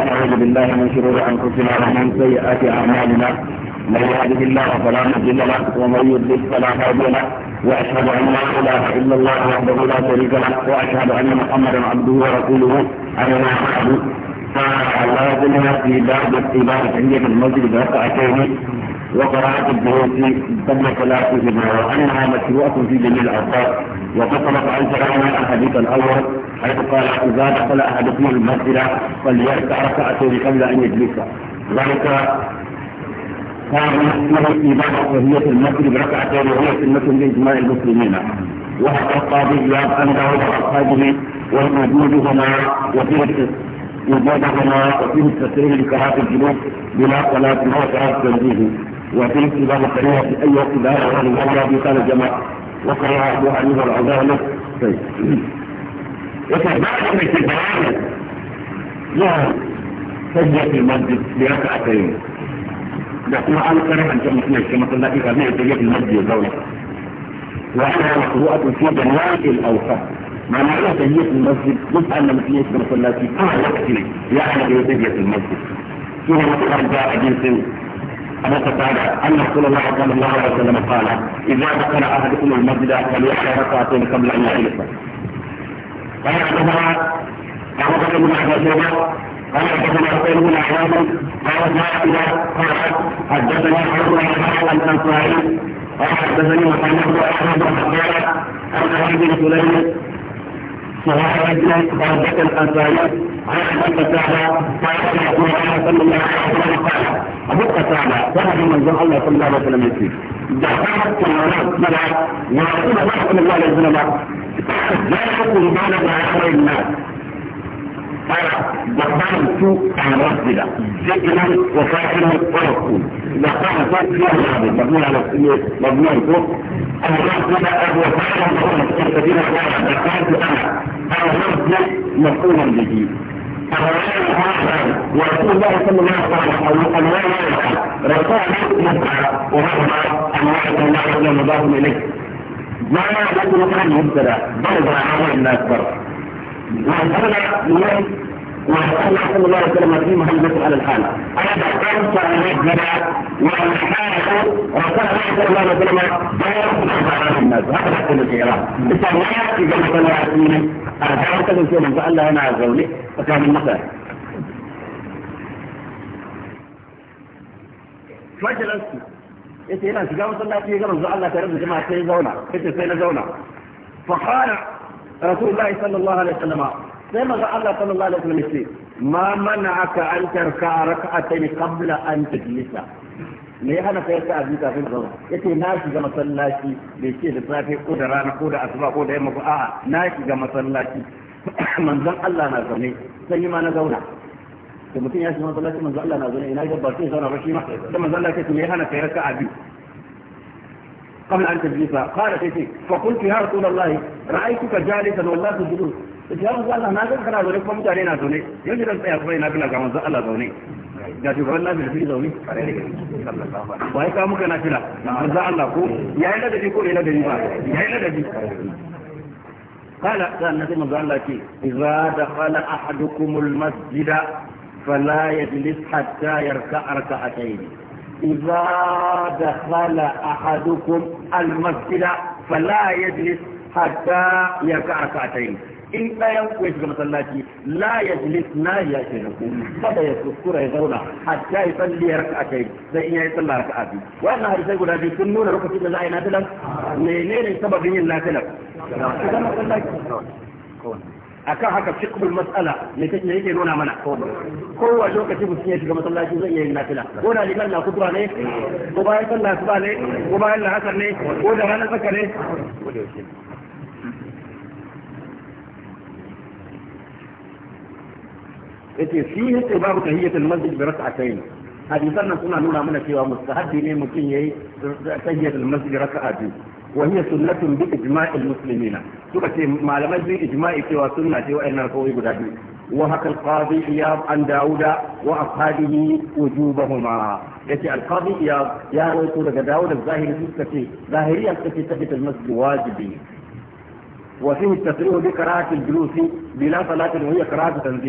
ونعوذ بالله من شرور انفسنا ومن سيئات اعمالنا من يهده الله فلا مضل له ومن يضلل فلا هادي له واشهد ان لا اله الا الله وحده لا شريك له واشهد ان محمدا عبده ورسوله اما بعد فلا يضل في باب الطيبات عندي في المسجد ركعتين وقراءة الدروس قبل الجمعة وأنها مشروعة في جميع الأوقات وقد سبق عن سلامة الحديث الأول حيث قال إذا دخل أحدكم المسجد فليركع ركعتين قبل أن يجلس ذلك كان له في وهي في المسجد بركعتين وهي سنة لإجماع المسلمين وهذا القاضي زياد أن داود وأصحابه والموجود هنا وفيه وجود هنا وفيه التسليم لكراهة الجنوب بلا صلاة ولا صلاه تنزيه وفيه اتباع في أي اتباع وهو الله كان الجماعه وكره أبو حنيفة العزالة طيب يتذكر في البيان لا تجد في المسجد بركعتين ده هو أنا كره أن كما قلنا في جميع تجد المسجد الدولة وأنا مقروءة في جنوات الأوسط ما معنى تجية المسجد جزء أن مسيح بن في كل وقتي يعني بيتجية المسجد فيها مقرد جنس أنا تتابع أن رسول الله صلى الله عليه وسلم قال إذا دخل أحدكم المسجد فليحيى ركعتين قبل أن يحلف قال حدثنا ابو بكر بن ابي شيبه قال حدثنا حسين بن عياض قال سائله قالت حدثنا حرب بن الانصاري قال حدثني محمد بن احمد بن قال عن علي بن سليم صلاح ابن بردة الأنصاري عن أبي قتادة قال رسول الله صلى الله عليه وسلم قال أبو قتادة ذهب من زم الله صلى الله عليه وسلم يسير دخلت كمالات ملعب ورسول الله صلى الله عليه وسلم لا يكون ما على الناس دخلت على ربنا ذكرا وفاكرا ورسول دخلت في الناس مبنون على مبني أبو الربنا هو فاعل هو مستقبل دخلت انا انا ربنا مفهوما به ورسول الله صلى الله عليه وسلم انواع رسول الله مبعث وهو انواع الله مضاف اليه ما أنا أقول لك أنا مبتدع برضه على الناس برا وأنا يوم وقال صلى الله عليه وسلم في مهمته على الحال هذا خمسة ربنا والحال رسول الله صلى الله عليه وسلم بيرفع على الناس هذا كل شيء راه التنويات في جنب الواسين أرجعت من من فقال أنا عزولي فكان المثل فجلست yace yana shiga masallaci ga manzo Allah tare da jama'a sai zauna yace sai na zauna fa qala rasulullahi sallallahu alaihi wasallam sai manzo Allah sallallahu alaihi wasallam yace ma mana'aka an tarka rak'atayn qabla an tajlisa me ya hana kai sa'a ka kafin zauna yace na shiga masallaci bai ce da safe ko da rana ko da asuba ko da yamma ko a'a na shiga masallaci manzon Allah na zaune sai ma na zauna da mutum ya shiga masallaci manzo Allah na zo ina da barkin zauna ba shi ma da manzo Allah ke tuni hana kai raka'a biyu qabla an tajlisa qala kayfi fa qultu ya rasul Allah ra'aytuka jalisan wallahi tujlu ya manzo Allah na ga kana zo ne kuma mutane na zo ne yanzu dan tsaya kuma ina bila ga manzo Allah zo ne da shi gwamnan da shi zaune ba ya kawo muka na fila manzo Allah ko ya yi ladabi ko ina da ladabi ba ya yi ladabi قال قال النبي صلى الله عليه وسلم إذا دخل أحدكم المسجد فلا يجلس حتى يركع ركعتين إذا دخل أحدكم المسجد فلا يجلس حتى يركع ركعتين إن لا ينقش مثلا لا يجلس لا يجلسكم فلا يذكر يذكرنا حتى يصلي ركعتين فإن يصلي ركعتين وأنا هذا يقول هذه سنون ركعتين لا ينادلن لنين السبب من لا تلف إذا مثلا akan haka fiqhul mas'ala me kake yake nuna mana ko kowa lokaci mutum ya shiga masallaci zai iya yin nafila ko da liman na kutura ne ko bayan sallah suba ne ko bayan lahasar ne ko da ranar tsaka ne yace shi yake babu tahiyatul masjid bi rak'atayn hadisan nan suna nuna mana cewa mustahabbi ne mutum yayi tahiyatul masjid raka'a biyu وهي سنة بإجماع المسلمين سورة ما لم يجري إجماع سوى سنة أن القوي بدأني وهك القاضي إياب عن داود وأصحابه وجوبهما يأتي القاضي إياب يا روي سورة داود الظاهر في ظاهريا في تفت المسجد واجبي وفيه التفريغ بقراءة الجلوس بلا صلاة وهي قراءة تنزيل